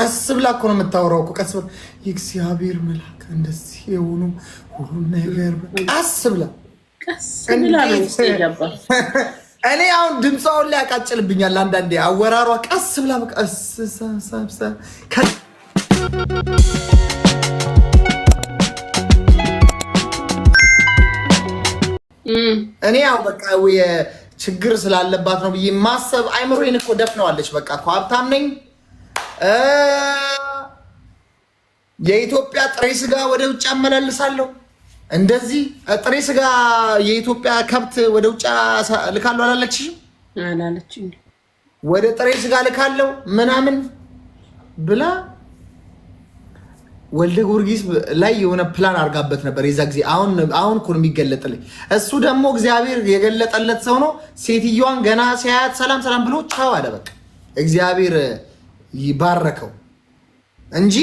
ቀስ ብላ እኮ ነው የምታወራው እኮ ቀስ ብላ የእግዚአብሔር መልአክ እንደዚህ የሆኑ ሁሉ ነገር ቀስ ብላ እኔ አሁን ድምፃውን ላይ ያቃጭልብኛል አንዳንዴ አወራሯ ቀስ ብላ ቀስ እኔ ያው በቃ ችግር ስላለባት ነው ብዬ ማሰብ አይምሮዬን እኮ ደፍነዋለች። በቃ እኮ ሀብታም ነኝ የኢትዮጵያ ጥሬ ስጋ ወደ ውጭ አመላልሳለሁ። እንደዚህ ጥሬ ስጋ የኢትዮጵያ ከብት ወደ ውጭ ልካለሁ አላለችሽም? አላለችም። ወደ ጥሬ ስጋ ልካለሁ ምናምን ብላ ወልደ ጊዮርጊስ ላይ የሆነ ፕላን አድርጋበት ነበር የዛ ጊዜ። አሁን አሁን እኮ ነው የሚገለጥልኝ። እሱ ደግሞ እግዚአብሔር የገለጠለት ሰው ነው። ሴትዮዋን ገና ሲያያት ሰላም ሰላም ብሎ ቻው አለ። በቃ እግዚአብሔር ይባረከው እንጂ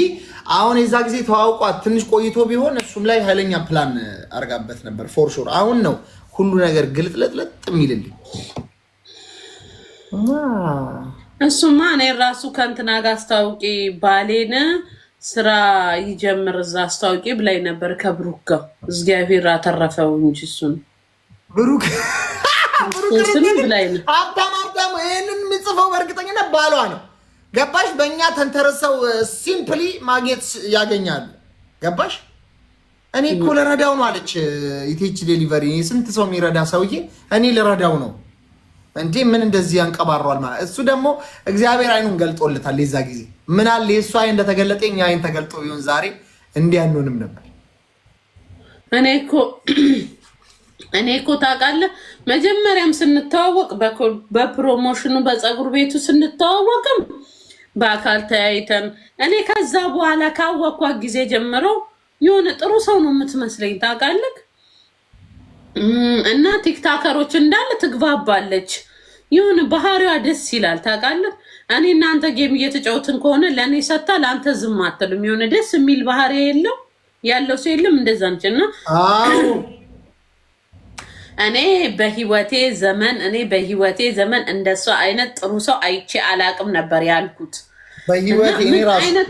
አሁን የዛ ጊዜ ተዋውቋት ትንሽ ቆይቶ ቢሆን እሱም ላይ ኃይለኛ ፕላን አርጋበት ነበር ፎር ሹር። አሁን ነው ሁሉ ነገር ግልጥለጥለጥ የሚልልኝ። እሱማ እኔ ራሱ ከእንትና ጋር አስታውቂ ባሌን ስራ ይጀምር እዛ አስታውቂ ብላኝ ነበር ከብሩክ ጋር። እግዚአብሔር አተረፈው እንጂ እሱን ብሩክ ብሩክ ብላኝ ነው። አዳም አዳም ይህንን የምጽፈው በእርግጠኝነት ባሏ ነው ገባሽ? በእኛ ተንተረሰው ሲምፕሊ ማግኘት ያገኛል። ገባሽ? እኔ እኮ ልረዳው ነው አለች ኢቴች ዴሊቨሪ። ስንት ሰው የሚረዳ ሰውዬ፣ እኔ ልረዳው ነው እንዴ? ምን እንደዚህ ያንቀባሯል ማለት እሱ ደግሞ እግዚአብሔር አይኑን ገልጦለታል። የዛ ጊዜ ምን አለ የእሱ አይን እንደተገለጠ እኛ አይን ተገልጦ ቢሆን ዛሬ እንዲህ አንሆንም ነበር። እኔ እኮ እኔ እኮ ታውቃለህ፣ መጀመሪያም ስንተዋወቅ በፕሮሞሽኑ በፀጉር ቤቱ ስንተዋወቅም በአካል ተያይተን እኔ ከዛ በኋላ ካወኳት ጊዜ ጀምሮ የሆነ ጥሩ ሰው ነው የምትመስለኝ ታውቃለህ። እና ቲክታከሮች እንዳለ ትግባባለች። የሆነ ባህሪዋ ደስ ይላል ታውቃለህ። እኔ እናንተ ጌም እየተጫወትን ከሆነ ለእኔ ሰታ ለአንተ ዝም አትልም። የሆነ ደስ የሚል ባህሪ የለው ያለው ሰው የለም እንደዛ ነች እና እኔ በህይወቴ ዘመን እኔ በህይወቴ ዘመን እንደሷ አይነት ጥሩ ሰው አይቼ አላቅም ነበር ያልኩት።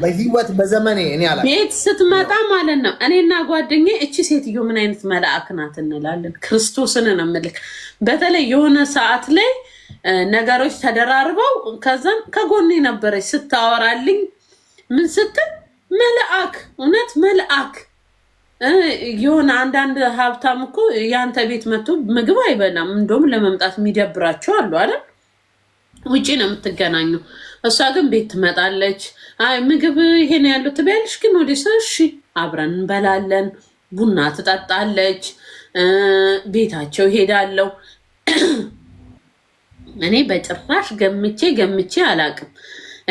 በህይወት በዘመኔ እኔ ቤት ስትመጣ ማለት ነው እኔና ጓደኛ እቺ ሴትዮ ምን አይነት መልአክ ናት እንላለን። ክርስቶስን ነው የምልክ። በተለይ የሆነ ሰዓት ላይ ነገሮች ተደራርበው ከዘን ከጎኔ ነበረች ስታወራልኝ ምን ስትል መልአክ፣ እውነት መልአክ የሆነ አንዳንድ ሀብታም እኮ የአንተ ቤት መጥቶ ምግብ አይበላም። እንደውም ለመምጣት የሚደብራቸው አሉ አይደል? ውጪ ነው የምትገናኙ እሷ ግን ቤት ትመጣለች። አይ ምግብ ይሄን ያለው ትበያለሽ፣ ግን ወደ ሰው እሺ፣ አብረን እንበላለን። ቡና ትጠጣለች፣ ቤታቸው ሄዳለው እኔ በጭራሽ ገምቼ ገምቼ አላውቅም።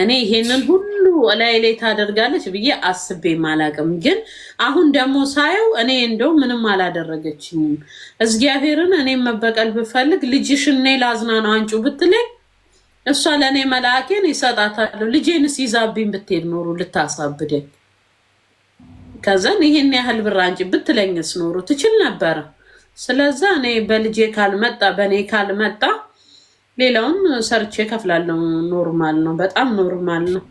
እኔ ይሄንን ሁሉ ላይ ላይ ታደርጋለች ብዬ አስቤም አላቅም። ግን አሁን ደግሞ ሳየው እኔ እንደው ምንም አላደረገችኝም። እግዚአብሔርን እኔ መበቀል ብፈልግ ልጅሽን እኔ ነው አንጩ ብትለኝ እሷ ለእኔ መልአኬን ይሰጣታለሁ። ልጄንስ ይዛብኝ ብትሄድ ኖሩ ልታሳብደኝ ከዘን ይህን ያህል ብር አንጪ ብትለኝስ ኖሩ ትችል ነበረ። ስለዛ እኔ በልጄ ካልመጣ በእኔ ካልመጣ ሌላውን ሰርቼ እከፍላለሁ። ኖርማል ነው፣ በጣም ኖርማል ነው።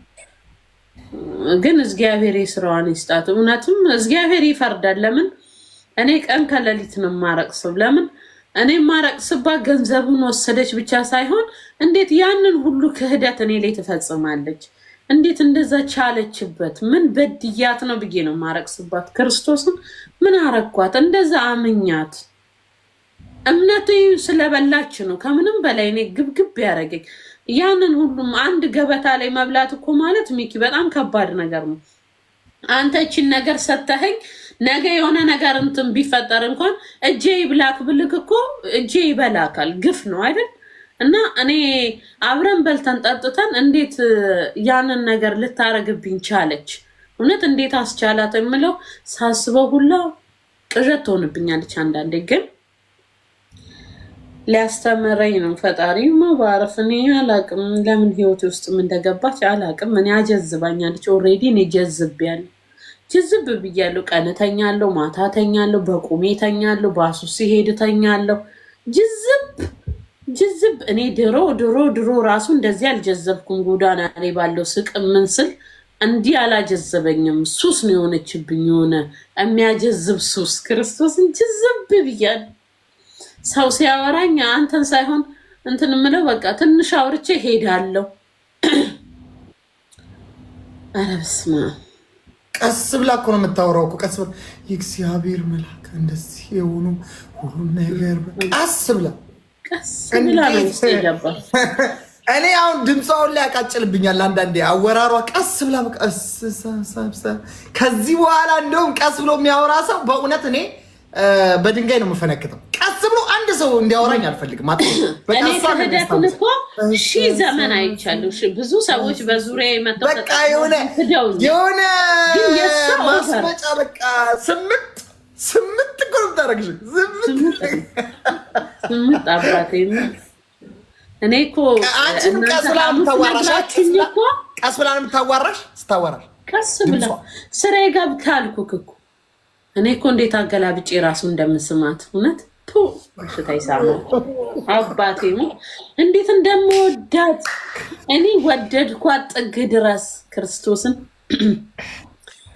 ግን እግዚአብሔር የስራዋን ይስጣት። እውነትም እግዚአብሔር ይፈርዳል። ለምን እኔ ቀን ከሌሊት ነው የማረቅስብ። ለምን እኔ የማረቅስባት ገንዘቡን ወሰደች ብቻ ሳይሆን እንዴት ያንን ሁሉ ክህደት እኔ ላይ ትፈጽማለች? እንዴት እንደዛ ቻለችበት? ምን በድያት ነው ብዬ ነው የማረቅስባት። ክርስቶስን ምን አረኳት? እንደዛ አምኛት እምነት ስለበላች ነው። ከምንም በላይ እኔ ግብግብ ያደረገኝ ያንን ሁሉም አንድ ገበታ ላይ መብላት እኮ ማለት ሚኪ በጣም ከባድ ነገር ነው። አንተ እቺን ነገር ሰተኸኝ ነገ የሆነ ነገር እንትን ቢፈጠር እንኳን እጄ ይብላክ ብልክ እኮ እጄ ይበላካል። ግፍ ነው አይደል? እና እኔ አብረን በልተን ጠጥተን እንዴት ያንን ነገር ልታረግብኝ ቻለች? እውነት እንዴት አስቻላት? የምለው ሳስበው ሁላ ቅዠት ትሆንብኛለች አንዳንዴ ግን ሊያስተምረኝ ነው ፈጣሪ ማባረፍ። እኔ አላቅም ለምን ህይወት ውስጥም እንደገባች አላቅም። እኔ አጀዝባኛለች። ኦልሬዲ እኔ ጀዝቤያለሁ፣ ጅዝብ ብያለሁ። ቀን እተኛለሁ፣ ማታ እተኛለሁ፣ በቁሜ እተኛለሁ፣ ባሱ ሲሄድ እተኛለሁ። ጅዝብ ጅዝብ። እኔ ድሮ ድሮ ድሮ ራሱ እንደዚህ አልጀዘብኩም። ጎዳና ላይ ባለው ስቅ ምን ስል እንዲህ አላጀዘበኝም። ሱስ ነው የሆነችብኝ፣ የሆነ የሚያጀዝብ ሱስ። ክርስቶስን ጅዝብ ብያለሁ። ሰው ሲያወራኝ አንተን ሳይሆን እንትን ምለው በቃ ትንሽ አውርቼ ሄዳለሁ። ኧረ በስመ አብ ቀስ ብላ እኮ ነው የምታወራው እኮ ቀስ ብላ የእግዚአብሔር መልአክ እንደዚህ የሆኑ ሁሉ ነገር ቀስ ብላ እኔ አሁን ድምፃውን ላይ ያቃጭልብኛል አንዳንዴ አወራሯ ቀስ ብላ ከዚህ በኋላ እንደውም ቀስ ብሎ የሚያወራ ሰው በእውነት እኔ በድንጋይ ነው የምፈነክተው ቀስ ብሎ አንድ ሰው እንዲያወራኝ አልፈልግም። እኔ ክህደትን እኮ ሺህ ዘመን አይቻለሁ። ብዙ ሰዎች በዙሪያ የመጣው በቃ የሆነ የሆነ ማስመጫ በቃ ስምንት ስምንት እኮ ነው የምታደርግሽ። ስምንት አባቴ እኔ እኮ አንቺም ቀስ ብላ የምታዋራሽ ስታዋራሽ ቀስ ብላ ስራ ገብታ አልኩክ እኮ እኔ እኮ እንዴት አገላብጬ ራሱ እንደምስማት እውነት ሽታ አባቴ እንዴት እንደምወዳት እኔ ወደድኳት ጥግ ድረስ ክርስቶስን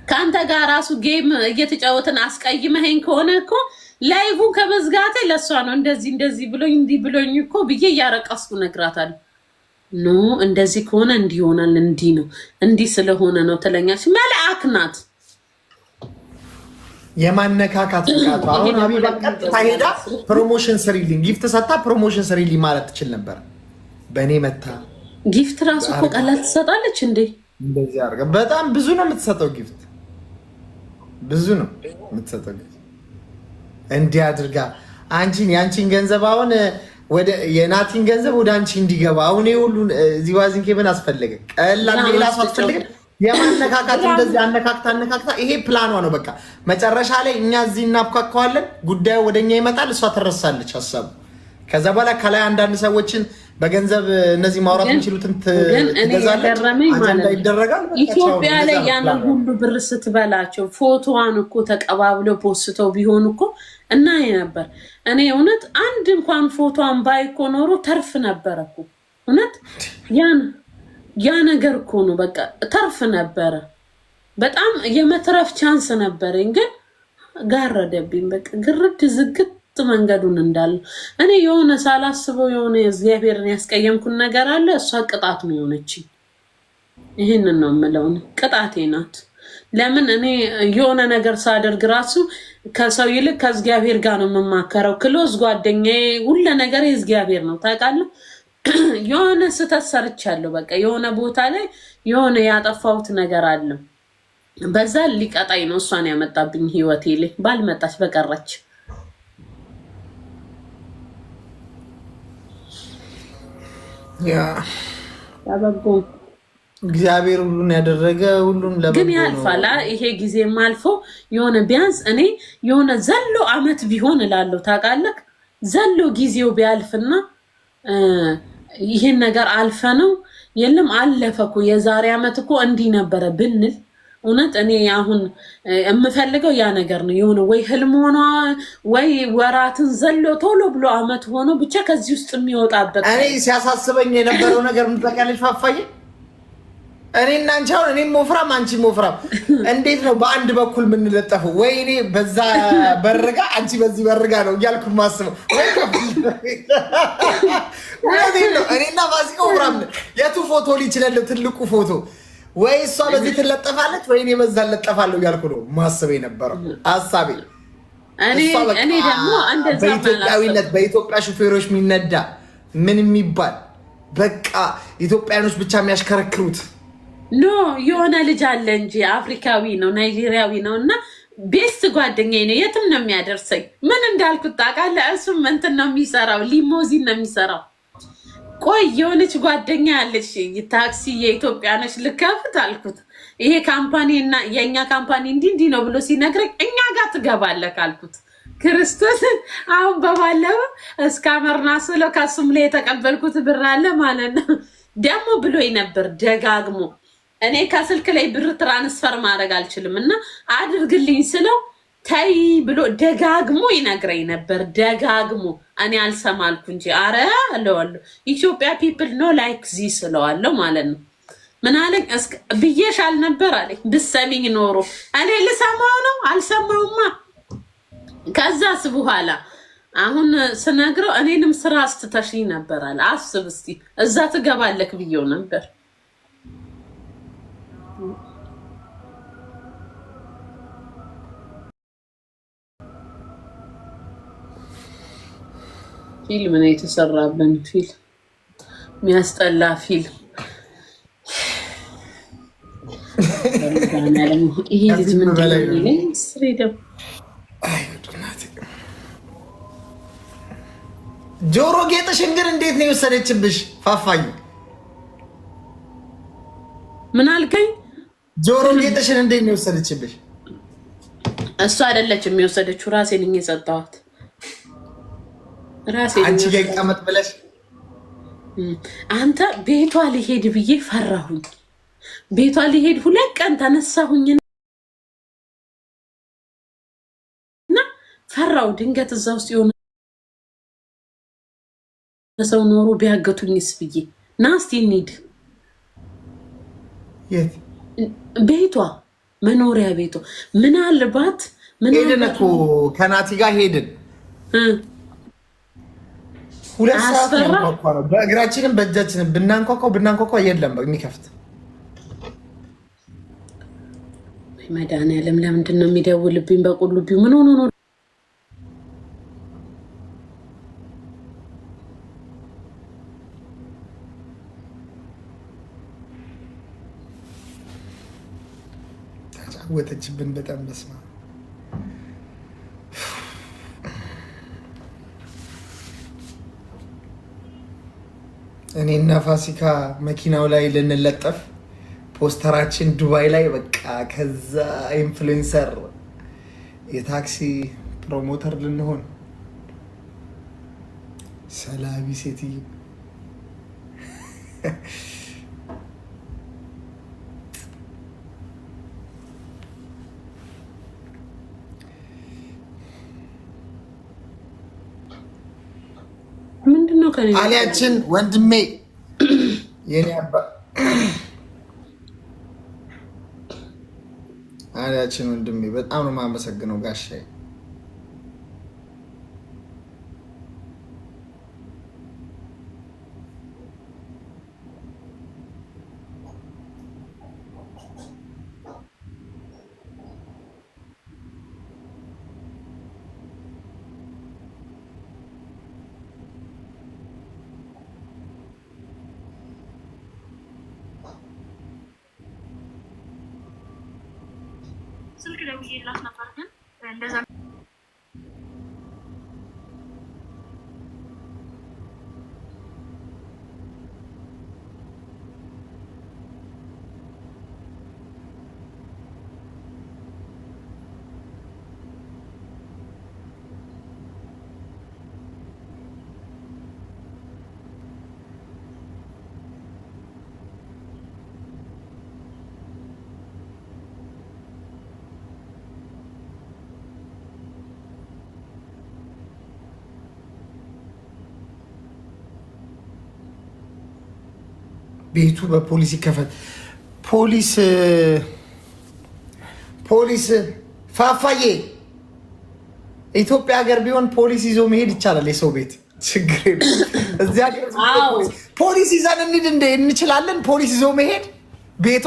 ከአንተ ጋር ራሱ ጌም እየተጫወትን አስቀይመኸኝ ከሆነ እኮ ላይቡ ከመዝጋቴ ለእሷ ነው። እንደዚህ እንደዚህ ብሎኝ እንዲህ ብሎኝ እኮ ብዬ እያረቀስኩ ነግራታል። ኖ እንደዚህ ከሆነ እንዲህ ይሆናል፣ እንዲህ ነው፣ እንዲህ ስለሆነ ነው ትለኛለች። መልአክ ናት። የማነካካት ብቃቱ አሁን ሀቢባ ቀጥታ ሄዳ ፕሮሞሽን ስሪልኝ ጊፍት ሰታ ፕሮሞሽን ስሪልኝ ማለት ትችል ነበር። በእኔ መታ ጊፍት ራሱ እኮ ቀላል ትሰጣለች እንዴ! እንደዚህ አርገ በጣም ብዙ ነው የምትሰጠው ጊፍት ብዙ ነው የምትሰጠው ጊፍት እንዲህ አድርጋ አንቺን የአንቺን ገንዘብ አሁን የናቲን ገንዘብ ወደ አንቺ እንዲገባ አሁን ሁሉ ዚዋዚንኬ ምን አስፈለገ? ቀላል ሌላ ሰው አትፈልግም የማነካካት እንደዚህ አነካክታ አነካክታ፣ ይሄ ፕላኗ ነው። በቃ መጨረሻ ላይ እኛ እዚህ እናብኳኳዋለን፣ ጉዳዩ ወደ እኛ ይመጣል፣ እሷ ትረሳለች ሀሳቡ። ከዛ በኋላ ከላይ አንዳንድ ሰዎችን በገንዘብ እነዚህ ማውራት የሚችሉትን ትገዛለች፣ ይደረጋል። ኢትዮጵያ ላይ ያን ሁሉ ብር ስትበላቸው ፎቶዋን እኮ ተቀባብለው ፖስተው ቢሆን እኮ እና ነበር። እኔ እውነት አንድ እንኳን ፎቶዋን ባይኮ ኖሮ ተርፍ ነበረ እኮ እውነት ያን ያ ነገር እኮ ነው በቃ ተርፍ ነበረ። በጣም የመትረፍ ቻንስ ነበረኝ፣ ግን ጋረደብኝ። በቃ ግርድ ዝግት መንገዱን እንዳለ እኔ የሆነ ሳላስበው የሆነ እግዚአብሔርን ያስቀየምኩን ነገር አለ። እሷ ቅጣት ነው የሆነችኝ። ይህንን ነው የምለው፣ ቅጣቴ ናት። ለምን እኔ የሆነ ነገር ሳደርግ ራሱ ከሰው ይልቅ ከእግዚአብሔር ጋር ነው የምማከረው። ክሎዝ ጓደኛዬ፣ ሁለ ነገር እግዚአብሔር ነው ታውቃለህ። የሆነ ስህተት ሰርቻለሁ። በቃ የሆነ ቦታ ላይ የሆነ ያጠፋሁት ነገር አለ። በዛ ሊቀጣይ ነው እሷን ያመጣብኝ ህይወቴ ላይ ባልመጣች በቀረች በጎ እግዚአብሔር ሁሉን ያደረገ ሁሉን ለግን ያልፋል። ይሄ ጊዜ አልፎ የሆነ ቢያንስ እኔ የሆነ ዘሎ አመት ቢሆን እላለሁ። ታውቃለህ ዘሎ ጊዜው ቢያልፍና ይህን ነገር አልፈ ነው የለም አለፈ እኮ የዛሬ ዓመት እኮ እንዲህ ነበረ ብንል እውነት እኔ አሁን የምፈልገው ያ ነገር ነው። የሆነ ወይ ህልም ሆኖ ወይ ወራትን ዘሎ ቶሎ ብሎ አመት ሆኖ ብቻ ከዚህ ውስጥ የሚወጣበት እኔ ሲያሳስበኝ የነበረው ነገር ምጠቃለች ፋፋዬ እኔ እናንቺ አሁን እኔም ወፍራም አንቺም ወፍራም፣ እንዴት ነው በአንድ በኩል የምንለጠፈው? ወይ እኔ በዛ በርጋ አንቺ በዚህ በርጋ ነው እያልኩ ማስበው ነው። እኔና ፋሲካ ወፍራም የቱ ፎቶ ሊችለለው ትልቁ ፎቶ ወይ እሷ በዚህ ትለጠፋለች ወይ እኔ በዛ ለጠፋለሁ እያልኩ ነው ማስበው የነበረው ሀሳቤ። በኢትዮጵያዊነት በኢትዮጵያ ሹፌሮች የሚነዳ ምን የሚባል በቃ ኢትዮጵያኖች ብቻ የሚያሽከረክሩት ኖ የሆነ ልጅ አለ እንጂ አፍሪካዊ ነው ናይጄሪያዊ ነው እና ቤስት ጓደኛዬ ነው። የትም ነው የሚያደርሰኝ። ምን እንዳልኩት ታውቃለህ? እሱም እንትን ነው የሚሰራው፣ ሊሞዚን ነው የሚሰራው። ቆይ የሆነች ጓደኛ ያለች ታክሲ የኢትዮጵያ ነች ልከፍት አልኩት። ይሄ ካምፓኒ እና የእኛ ካምፓኒ እንዲ እንዲ ነው ብሎ ሲነግረኝ እኛ ጋር ትገባለህ አልኩት። ክርስቶስ አሁን በባለው እስከ አመርና ስለው ከሱም ላይ የተቀበልኩት ብር አለ ማለት ነው። ደግሞ ብሎኝ ነበር ደጋግሞ እኔ ከስልክ ላይ ብር ትራንስፈር ማድረግ አልችልም እና አድርግልኝ ስለው ተይ ብሎ ደጋግሞ ይነግረኝ ነበር። ደጋግሞ እኔ አልሰማልኩ እንጂ አረ እለዋለሁ ኢትዮጵያ ፒፕል ኖ ላይክ ዚ እለዋለሁ ማለት ነው። ምን አለኝ ብዬሽ አልነበር አለኝ። ብሰሚኝ ኖሮ እኔ ልሰማው ነው አልሰማውማ። ከዛስ በኋላ አሁን ስነግረው እኔንም ስራ አስትተሽኝ ነበር አለ። አስብ እስቲ እዛ ትገባለክ ብዬው ነበር። ፊልም ነው የተሰራብን። ፊልም የሚያስጠላ ፊልም። ይሄ ልጅ ምንድን ጆሮ ጌጥሽን ግን እንዴት ነው የወሰደችብሽ? ፋፋኝ ምን አልከኝ? ጆሮ ጌጥሽን እንዴት ነው የወሰደችብሽ? እሱ አይደለችም የወሰደችው፣ ራሴ ነኝ አንቺ ጋ ይቀመጥ ብለሽ አንተ ቤቷ ሊሄድ ብዬ ፈራሁኝ። ቤቷ ሊሄድ ሁለት ቀን ተነሳሁኝ እና ፈራው። ድንገት እዛ ውስጥ የሆነ ሰው ኖሮ ቢያገቱኝስ ብዬ ና እስቲ እንሂድ። ቤቷ መኖሪያ ቤቷ ምናልባት ሄድን እኮ ከናቲ ጋር ሄድን ሁለት ሰዓት ያንኳኳ ነው። በእግራችንም በእጃችንም ብናንኳኳ ብናንኳኳ የለም የሚከፍት መድኃኒዓለም ለምንድን ነው የሚደውልብኝ? በቁልቢው ምን ሆኖ ነው? ተጫወተችብን በጣም በስማ እኔና ፋሲካ መኪናው ላይ ልንለጠፍ ፖስተራችን ዱባይ ላይ በቃ ከዛ ኢንፍሉዌንሰር የታክሲ ፕሮሞተር ልንሆን ሰላቢ ሴትዮ አሊያችን ወንድሜ የኔ አባ አሊያችን ወንድሜ በጣም ነው የማመሰግነው ጋሻዬ። ስልክ ደውዬላት ነበር ግን እንደዛ ቤቱ በፖሊስ ይከፈል። ፖሊስ ፖሊስ ፋፋዬ ኢትዮጵያ ሀገር ቢሆን ፖሊስ ይዞ መሄድ ይቻላል። የሰው ቤት ችግር ፖሊስ ይዘን እንሂድ እንደ እንችላለን። ፖሊስ ይዞ መሄድ ቤቷ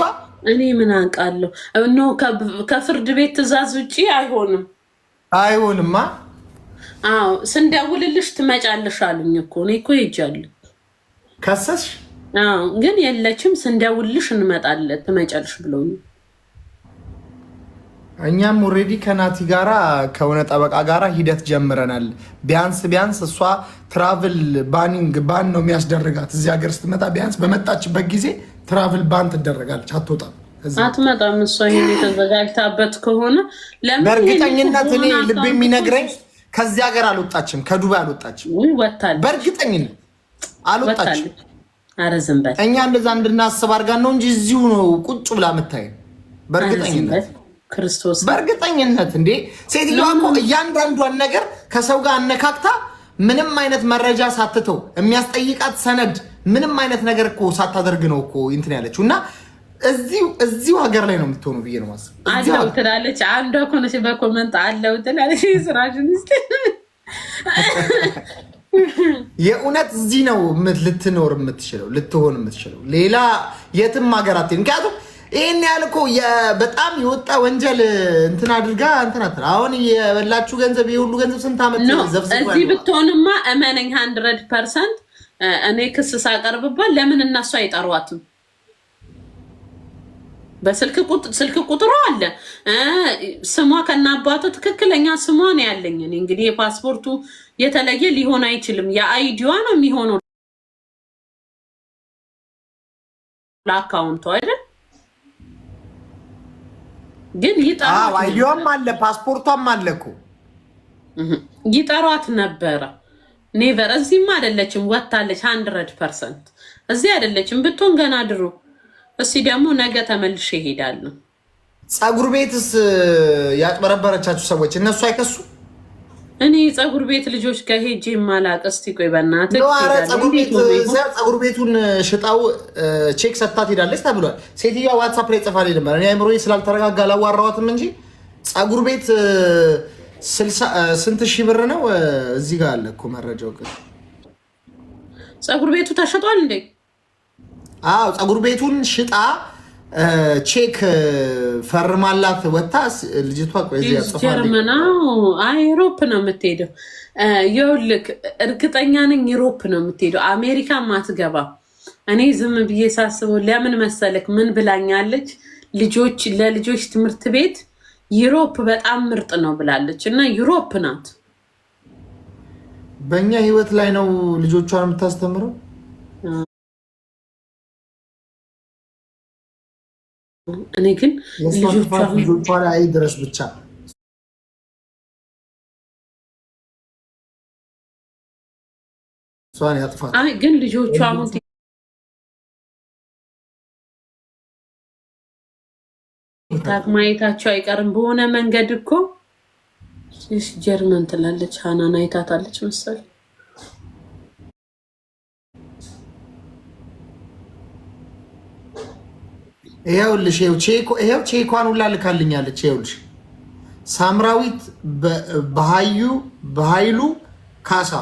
እኔ ምን አንቃለሁ? እኖ ከፍርድ ቤት ትእዛዝ ውጭ አይሆንም፣ አይሆንማ። አዎ ስንደውልልሽ ትመጫለሽ አሉኝ እኮ እኔ እኮ ሄጃለሁ። ከሰስሽ ግን የለችም ስንደውልሽ እንመጣለን ትመጫልሽ ብለውኝ እኛም ኦልሬዲ ከናቲ ጋራ ከሆነ ጠበቃ ጋራ ሂደት ጀምረናል። ቢያንስ ቢያንስ እሷ ትራቭል ባኒንግ ባን ነው የሚያስደርጋት። እዚህ ሀገር ስትመጣ ቢያንስ በመጣችበት ጊዜ ትራቭል ባን ትደረጋለች። አትወጣም፣ አትመጣም። እሷ ይሄን የተዘጋጅታበት ከሆነ ለምን በእርግጠኝነት እኔ ልብ የሚነግረኝ ከዚህ ሀገር አልወጣችም፣ ከዱባይ አልወጣችም። በእርግጠኝነት አልወጣችም። ኧረ ዝም በል። እኛ እንደዛ እንድናስብ አድርጋን ነው እንጂ እዚሁ ነው ቁጭ ብላ የምታይ። በእርግጠኝነት ክርስቶስ፣ በእርግጠኝነት እንዴ ሴትዮዋ እኮ እያንዳንዷን ነገር ከሰው ጋር አነካክታ ምንም አይነት መረጃ ሳትተው የሚያስጠይቃት ሰነድ ምንም አይነት ነገር እኮ ሳታደርግ ነው እኮ እንትን ያለችው እና እዚሁ ሀገር ላይ ነው የምትሆኑ ብዬ ነው ማስብ። አለው ትላለች አንዷ ኮነች በኮመንት አለው ትላለች ስራሽን ስ የእውነት እዚህ ነው ልትኖር የምትችለው ልትሆን የምትችለው ሌላ የትም ሀገራት። ምክንያቱም ይህን ያህል እኮ በጣም የወጣ ወንጀል እንትን አድርጋ እንትን አትል። አሁን የበላችሁ ገንዘብ የሁሉ ገንዘብ ስንት ዓመት እዚህ ብትሆንማ እመነኝ ሀንድረድ ፐርሰንት እኔ ክስ ሳቀርብባት ለምን እነሱ አይጠሯትም? በስልክ ስልክ ቁጥሩ አለ። ስሟ ከና አባቱ ትክክለኛ ስሟ ነው ያለኝ። እኔ እንግዲህ የፓስፖርቱ የተለየ ሊሆን አይችልም። የአይዲዋ ነው የሚሆነው ለአካውንቱ አይደል? ግን ይጠሯት አይዲዋም አለ ፓስፖርቷም አለ እኮ ይጠሯት ነበረ። ኔቨር እዚህም አይደለችም፣ ወታለች። ሀንድረድ ፐርሰንት እዚህ አይደለችም ብትሆን ገና ድሮ እሲ ደግሞ ነገ ተመልሼ ይሄዳሉ። ፀጉር ቤትስ ያጭበረበረቻችሁ ሰዎች እነሱ አይከሱ። እኔ ፀጉር ቤት ልጆች ጋር ሄጄ የማላቀስ ቆይ በእናትህ ፀጉር ቤቱን ሽጣው ቼክ ሰጥታት ሄዳለች ተብሏል። ሴትዮዋ ዋትሳፕ ላይ ጽፋ ላይ ነበር። እኔ አይምሮዬ ስላልተረጋጋ አላዋራኋትም እንጂ ፀጉር ቤት ስንት ሺህ ብር ነው? እዚህ ጋር አለ እኮ መረጃው። ፀጉር ቤቱ ተሸጧል እንዴ? አዎ ፀጉር ቤቱን ሽጣ ቼክ ፈርማላት ወታ ልጅቷ ጀርመና አይሮፕ ነው የምትሄደው። ይኸውልህ እርግጠኛ ነኝ ዩሮፕ ነው የምትሄደው፣ አሜሪካ ማትገባ። እኔ ዝም ብዬ ሳስበው ለምን መሰለክ ምን ብላኛለች? ልጆች ለልጆች ትምህርት ቤት ዩሮፕ በጣም ምርጥ ነው ብላለች፣ እና ዩሮፕ ናት። በእኛ ህይወት ላይ ነው ልጆቿን የምታስተምረው እኔ ግን ልጆቿ ላይ ድረስ ብቻ እሷን ያጥፋት። አይ ግን አሁን ቲክታክ ማየታቸው አይቀርም። በሆነ መንገድ እኮ ጀርመን ትላለች ሀናን አይታታለች መሰለኝ ይኸውልሽ ይኸው ቼኳን ሁላ ልካልኛለች። ይኸውልሽ ሳምራዊት በሀይሉ ካሳ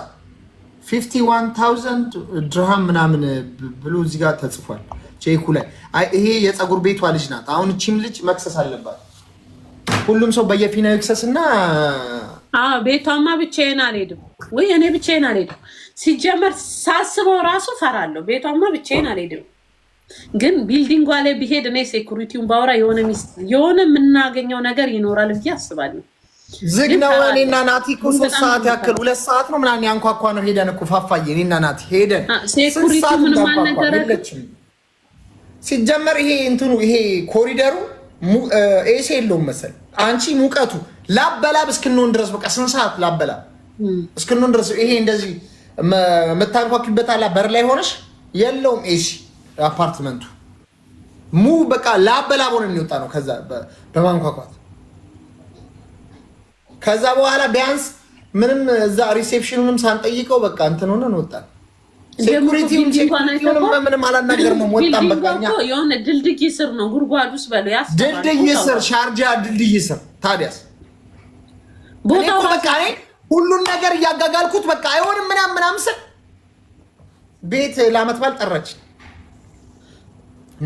51000 ድርሃም ምናምን ብሎ እዚህ ጋር ተጽፏል። ቼኩ ላይ ይሄ የፀጉር ቤቷ ልጅ ናት። አሁን እቺም ልጅ መክሰስ አለባት። ሁሉም ሰው በየፊናው ይክሰስ እና ቤቷማ ብቻዬን አልሄድም ወይ እኔ ብቻዬን አልሄድም። ሲጀመር ሳስበው ራሱ ፈራለሁ። ቤቷማ ብቻዬን አልሄድም። ግን ቢልዲንጓ ላይ ቢሄድ እኔ ሴኩሪቲውን ባውራ የሆነ የምናገኘው ነገር ይኖራል ብዬ አስባለሁ። ዝግ ነው። እኔና ናቲ እኮ ሶስት ሰዓት ያክል ሁለት ሰዓት ነው ምናምን ያንኳኳ ነው ሄደን እኮ ፋፋዬ፣ እኔና ናቲ ሄደን ሴኩሪቲው ምንም አልነገረንም። ሲጀመር ይሄ እንትኑ ይሄ ኮሪደሩ ኤሴ የለውም መሰል አንቺ ሙቀቱ ላበላብ እስክንሆን ድረስ በቃ ስንት ሰዓት ላበላብ እስክንሆን ድረስ ይሄ እንደዚህ የምታንኳኪበት አላ በር ላይ ሆነሽ የለውም ኤሲ አፓርትመንቱ ሙ በቃ ለአበላቦ ነው የሚወጣ ነው። ከዛ በማንኳኳት ከዛ በኋላ ቢያንስ ምንም እዛ ሪሴፕሽኑንም ሳንጠይቀው በቃ እንትን ሆነን ወጣን። ሴኩሪቲውን ምንም ወጣን በቃ የሆነ ድልድይ ስር ነው ጉድጓድ ውስጥ በለው ያስ ድልድይ ስር ሻርጃ ድልድይ ስር ታዲያስ ቦታው በቃ ሁሉን ነገር እያጋጋልኩት በቃ አይሆንም ምናምን ምናምን ስል ቤት ለአመት በዓል ጠራችኝ።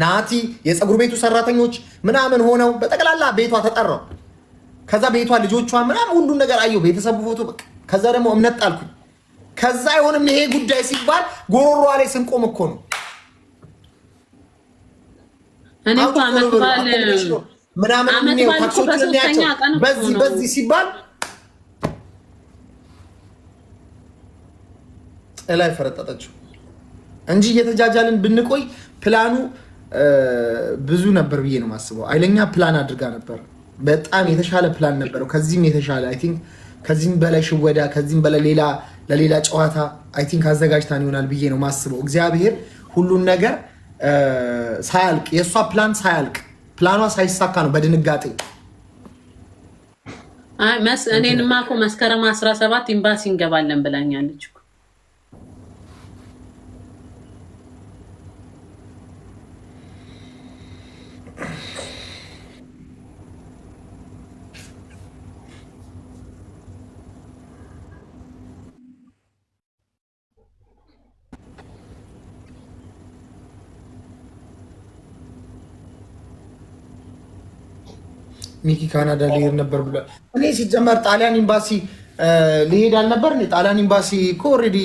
ናቲ፣ የፀጉር ቤቱ ሰራተኞች ምናምን ሆነው በጠቅላላ ቤቷ ተጠራው። ከዛ ቤቷ ልጆቿ ምናምን ሁሉን ነገር አየሁ፣ ቤተሰቡ ፎቶ። ከዛ ደግሞ እምነት ጣልኩኝ። ከዛ አይሆንም ይሄ ጉዳይ ሲባል ጎሮሯ ላይ ስንቆም እኮ ነው። እኔ እኮ አመት በዓል ምናምን በዚህ በዚህ ሲባል ጥላ የፈረጠጠችው እንጂ እየተጃጃልን ብንቆይ ፕላኑ ብዙ ነበር ብዬ ነው የማስበው። አይለኛ ፕላን አድርጋ ነበር። በጣም የተሻለ ፕላን ነበረው። ከዚህም የተሻለ አይ ቲንክ ከዚህም በላይ ሽወዳ፣ ከዚህም በላይ ሌላ ለሌላ ጨዋታ አይ ቲንክ አዘጋጅታን ይሆናል ብዬ ነው የማስበው። እግዚአብሔር ሁሉን ነገር ሳያልቅ የእሷ ፕላን ሳያልቅ ፕላኗ ሳይሳካ ነው በድንጋጤ እኔንማ እኮ መስከረም 17 ኢምባሲ እንገባለን ብላኛለች። ሚኪ ካናዳ ሊሄድ ነበር ብሏል። እኔ ሲጀመር ጣሊያን ኤምባሲ ሊሄድ አልነበር። ጣሊያን ኤምባሲ እኮ ኦልሬዲ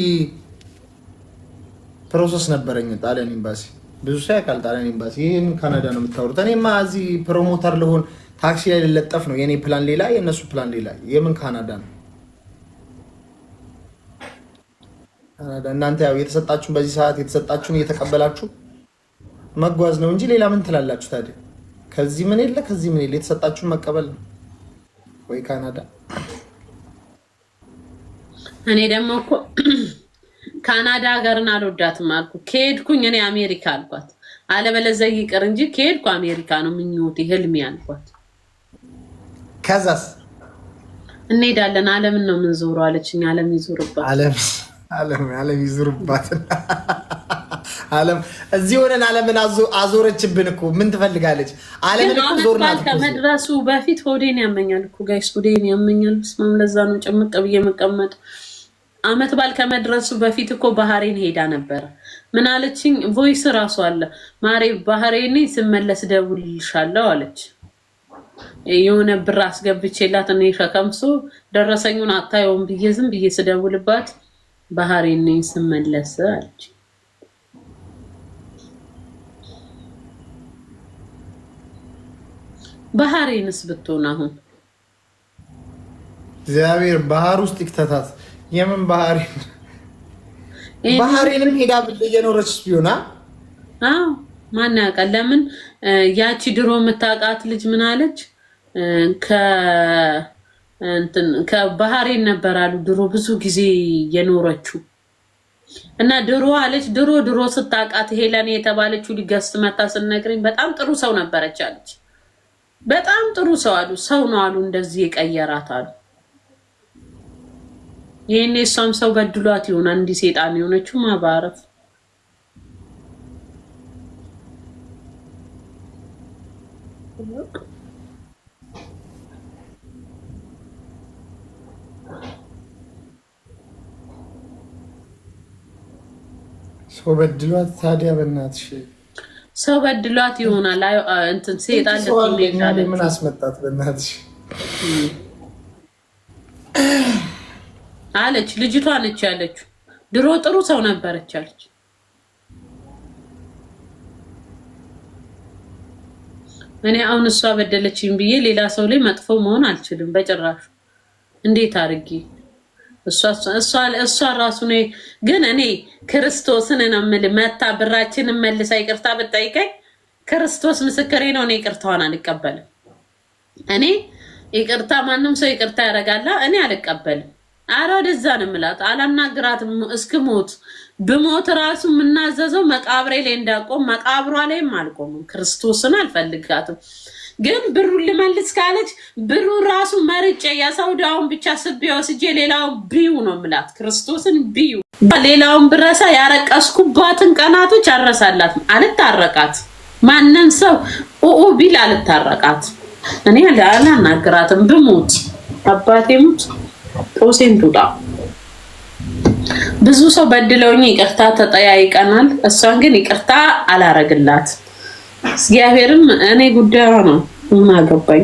ፕሮሰስ ነበረኝ። ጣሊያን ኤምባሲ ብዙ ሰው ያውቃል። ጣሊያን ኤምባሲ ይህን ካናዳ ነው የምታወሩት። እኔማ እዚህ ፕሮሞተር ልሆን ታክሲ ላይ ልለጠፍ ነው። የኔ ፕላን ሌላ፣ የእነሱ ፕላን ሌላ። የምን ካናዳ ነው? እናንተ ያው የተሰጣችሁን በዚህ ሰዓት የተሰጣችሁን እየተቀበላችሁ መጓዝ ነው እንጂ ሌላ ምን ትላላችሁ ታዲያ? ከዚህ ምን የለ ከዚህ ምን የለ የተሰጣችሁ መቀበል ነው ወይ ካናዳ። እኔ ደግሞ እኮ ካናዳ ሀገርን አልወዳትም አልኩ። ከሄድኩኝ እኔ አሜሪካ አልኳት። አለበለዚያ ይቅር እንጂ ከሄድኩ አሜሪካ ነው ምኞቴ፣ ህልሜ አልኳት። ከዛስ እንሄዳለን አለምን ነው ምንዞሩ አለችኝ። አለም ይዞርባት አለም ይዞርባትና አለም እዚህ ሆነን አለምን አዞረችብን እኮ ምን ትፈልጋለች? ዓለምን እኮ ዞርናት። ከመድረሱ በፊት ሆዴን ያመኛል እኮ ጋይስ፣ ሆዴን ያመኛል። ስማም ለዛ ነው ጭምቅ ብዬ መቀመጥ አመት በዓል ከመድረሱ በፊት እኮ ባህሬን ሄዳ ነበረ። ምን አለችኝ? ቮይስ እራሱ አለ ማሬ፣ ባህሬን ስመለስ ደውልልሻለሁ አለች። የሆነ ብር አስገብቼላት እኔ ሸከምሶ ደረሰኙን አታየውም ብዬ ዝም ብዬ ስደውልባት ባህሬን ስመለስ አለች። ባህሬንስ ብትሆን አሁን እግዚአብሔር ባህር ውስጥ ይክተታት። የምን ባህር ባህሬንም ሄዳ እየኖረች ቢሆና ማን ያውቃል? ለምን ያቺ ድሮ የምታውቃት ልጅ ምን አለች? ከባህሬን ነበር ድሮ ብዙ ጊዜ የኖረችው እና ድሮ አለች ድሮ ድሮ ስታውቃት ሄለን የተባለችው ሊገስት መታ ስነግረኝ በጣም ጥሩ ሰው ነበረች አለች በጣም ጥሩ ሰው አሉ። ሰው ነው አሉ። እንደዚህ የቀየራት አሉ። ይህን እሷም ሰው ገድሏት ይሆን አንድ ሴጣን የሆነችው ማባረፍ ሰው በድሏት ታዲያ በእናትሽ ሰው በድሏት ይሆናል። እንትን ሴጣን ምን አስመጣት በእናትሽ አለች። ልጅቷ ነች ያለችው። ድሮ ጥሩ ሰው ነበረች አለች። እኔ አሁን እሷ በደለችኝ ብዬ ሌላ ሰው ላይ መጥፎ መሆን አልችልም በጭራሹ። እንዴት አድርጌ እሷ ራሱ ግን እኔ ክርስቶስን ነው የምልህ። መታ ብራችንን መልሳ ይቅርታ ብጠይቀኝ ክርስቶስ ምስክሬ ነው፣ እኔ ይቅርታዋን አልቀበልም። እኔ ይቅርታ ማንም ሰው ይቅርታ ያደርጋላ፣ እኔ አልቀበልም። አረ ወደዛ ነው የምላት፣ አላናግራትም። እስክሞት ብሞት ራሱ የምናዘዘው መቃብሬ ላይ እንዳቆም መቃብሯ ላይም አልቆምም። ክርስቶስን አልፈልጋትም። ግን ብሩን ልመልስ ካለች ብሩ ራሱ መርጬ የሳውዲያውን ብቻ ስቤ ወስጄ ሌላውን ቢዩ ነው ምላት። ክርስቶስን ቢዩ ሌላውን ብረሳ ያረቀስኩባትን ቀናቶች አረሳላት። አልታረቃት ማንም ሰው ኡኡ ቢል አልታረቃት። እኔ አላናግራትም። ብሞት አባቴ ሙት ጦሴን ቱጣ። ብዙ ሰው በድለውኝ ይቅርታ ተጠያይቀናል። እሷን ግን ይቅርታ አላረግላት እግዚአብሔርም እኔ ጉዳዩ ነው። ምን አገባኝ።